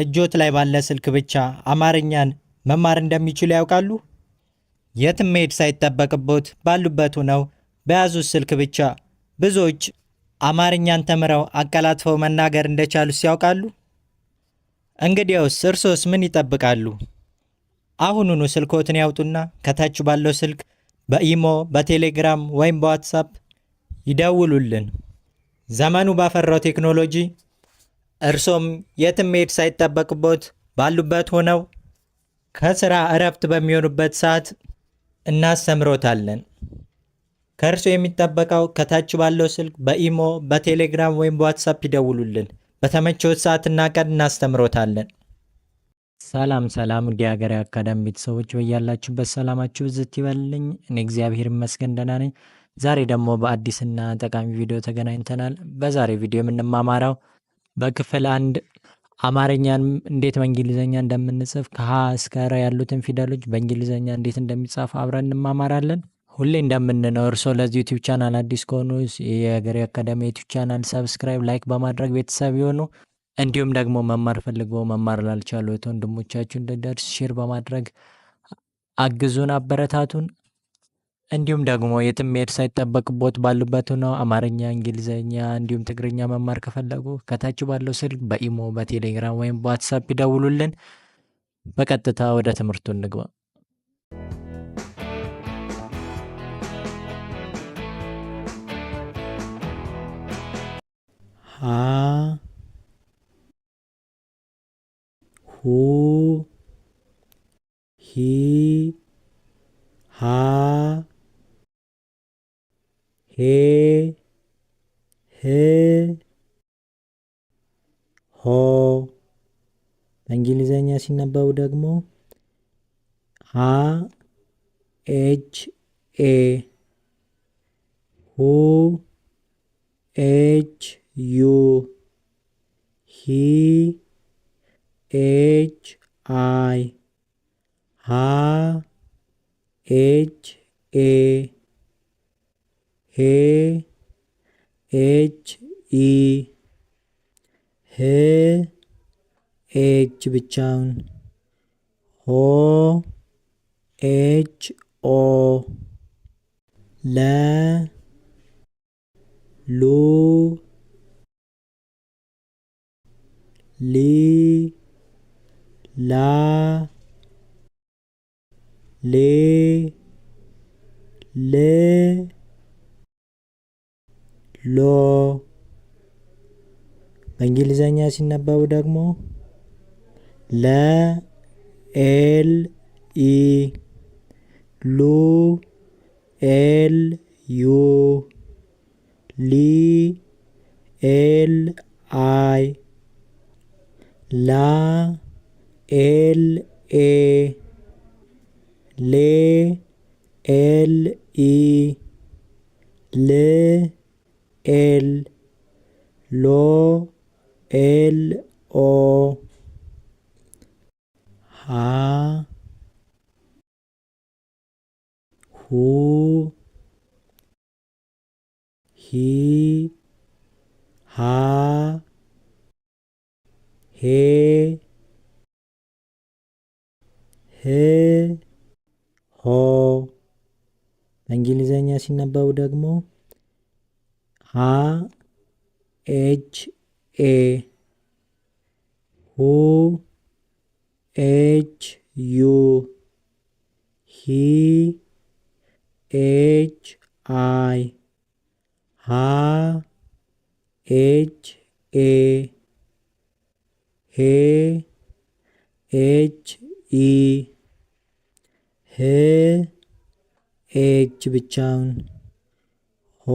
እጆት ላይ ባለ ስልክ ብቻ አማርኛን መማር እንደሚችሉ ያውቃሉ? የትም መሄድ ሳይጠበቅቦት ባሉበት ሆነው በያዙት ስልክ ብቻ ብዙዎች አማርኛን ተምረው አቀላጥፈው መናገር እንደቻሉስ ያውቃሉ? እንግዲያውስ እርሶስ ምን ይጠብቃሉ? አሁኑኑ ስልኮትን ያውጡና ከታች ባለው ስልክ በኢሞ በቴሌግራም ወይም በዋትሳፕ ይደውሉልን። ዘመኑ ባፈራው ቴክኖሎጂ እርሶም የትም መሄድ ሳይጠበቅቦት ባሉበት ሆነው ከስራ እረፍት በሚሆኑበት ሰዓት እናስተምሮታለን። ከእርሶ የሚጠበቀው ከታች ባለው ስልክ በኢሞ በቴሌግራም ወይም በዋትሳፕ ይደውሉልን። በተመቸዎት ሰዓትና ቀን እናስተምሮታለን። ሰላም ሰላም፣ ውድ የሀገሬ አካዳሚ ቤተሰቦች በያላችሁበት ሰላማችሁ ብዝት ይበልልኝ። እኔ እግዚአብሔር ይመስገን ደህና ነኝ። ዛሬ ደግሞ በአዲስና ጠቃሚ ቪዲዮ ተገናኝተናል። በዛሬ ቪዲዮ የምንማማረው በክፍል አንድ አማርኛን እንዴት በእንግሊዝኛ እንደምንጽፍ ከሀ እስከ ረ ያሉትን ፊደሎች በእንግሊዝኛ እንዴት እንደሚጻፍ አብረን እንማማራለን። ሁሌ እንደምንነው እርሶ ለዚህ ዩቲብ ቻናል አዲስ ከሆኑ የገሪ አካዳሚ ዩቲብ ቻናል ሰብስክራይብ፣ ላይክ በማድረግ ቤተሰብ የሆኑ እንዲሁም ደግሞ መማር ፈልገው መማር ላልቻሉ ወንድሞቻችሁ እንዲደርስ ሼር በማድረግ አግዙን፣ አበረታቱን። እንዲሁም ደግሞ የትም መሄድ ሳይጠበቅቦት ባሉበት ሆነው አማርኛ፣ እንግሊዝኛ እንዲሁም ትግርኛ መማር ከፈለጉ ከታች ባለው ስልክ በኢሞ በቴሌግራም ወይም በዋትሳፕ ይደውሉልን። በቀጥታ ወደ ትምህርቱ እንግባ። ሀ ሁ ሂ ሃ ሄ ሆ በእንግሊዘኛ ሲነበቡ ደግሞ ሀ ኤች ኤ ሁ ኤች ዩ ሂ ኤች አይ ሃ ኤች ኤ ሄ ኤች ኢ ህ ኤች ብቻውን ሆ ኤች ኦ ለ ሉ ሊ ላ ሌ ል ሎ። በእንግሊዘኛ ሲነበቡ ደግሞ ለ ኤል ኢ ሉ ኤል ዩ ሊ ኤል አይ ላ ኤል ኤ ሌ ኤል ኢ ል ኤል ሎ ኤል ኦ ሃ ሁ ሂ ሃ ሄ ህ ሆ በእንግሊዘኛ ሲነበቡ ደግሞ ሀ ኤች ኤ ሁ ኤች ዩ ሂ ኤች አይ ሀ ኤች ኤ ሄ ኤች ኢ ህ ኤች ብቻውን ሆ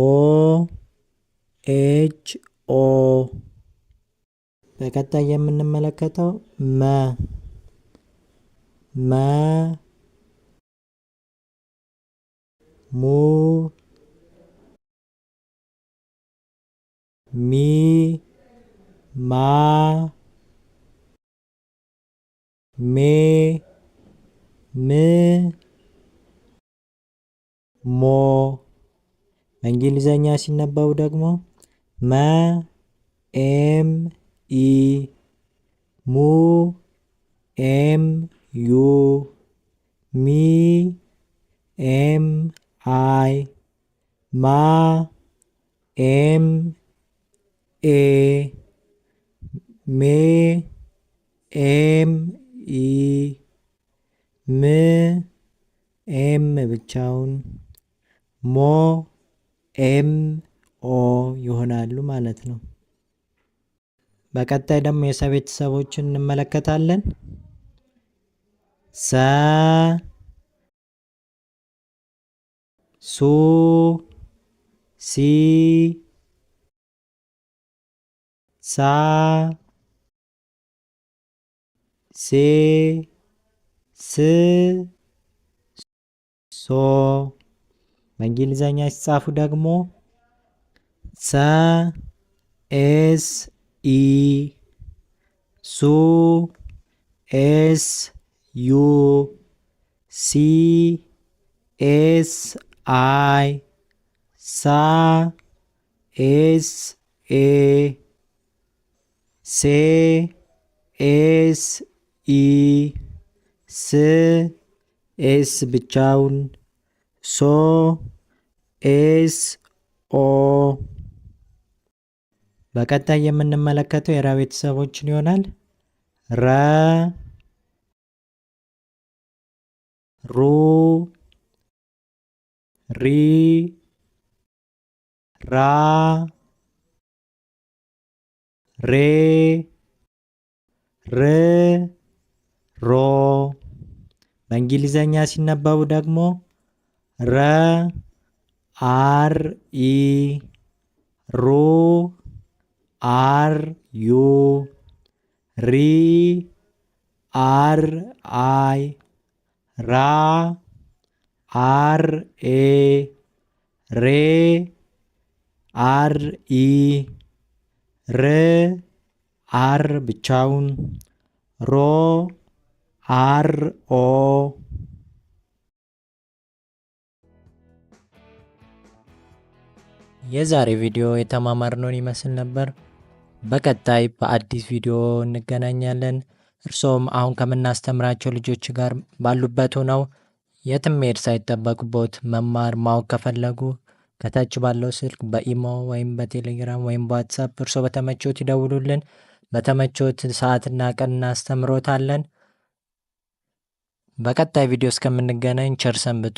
ኤች ኦ። በቀጣይ የምንመለከተው መ መ ሙ ሚ ማ ሜ ም ሞ በእንግሊዘኛ ሲነበቡ ደግሞ ma em y mu em u mi em i ma em e me em y me em mày bật mo em ኦ ይሆናሉ ማለት ነው። በቀጣይ ደግሞ የሰ ቤተሰቦችን እንመለከታለን። ሰ ሱ ሲ ሳ ሴ ስ ሶ በእንግሊዘኛ ሲጻፉ ደግሞ ሰ ኤስ ኢ ሱ ኤስ ዩ ሲ ኤስ አይ ሳ ኤስ ኤ ሴ ኤስ ኢ ስ ኤስ ብቻውን ሶ ኤስ ኦ በቀጣይ የምንመለከተው የራ ቤተሰቦችን ይሆናል። ረ ሩ ሪ ራ ሬ ር ሮ በእንግሊዘኛ ሲነበቡ ደግሞ ረ አር ኢ ሩ አር ዩ ሪ አር አይ ራ አር ኤ ሬ አር ኢ ር አር ብቻውን ሮ አር ኦ የዛሬ ቪዲዮ የተማማርነውን ይመስል ነበር። በቀጣይ በአዲስ ቪዲዮ እንገናኛለን። እርስዎም አሁን ከምናስተምራቸው ልጆች ጋር ባሉበት ሆነው የትም መሄድ ሳይጠበቅቦት መማር ማወቅ ከፈለጉ ከታች ባለው ስልክ በኢሞ ወይም በቴሌግራም ወይም በዋትሳፕ እርስዎ በተመቾት ይደውሉልን። በተመቾት ሰዓትና ቀን እናስተምሮታለን። በቀጣይ ቪዲዮ እስከምንገናኝ ቸር ሰንብቱ።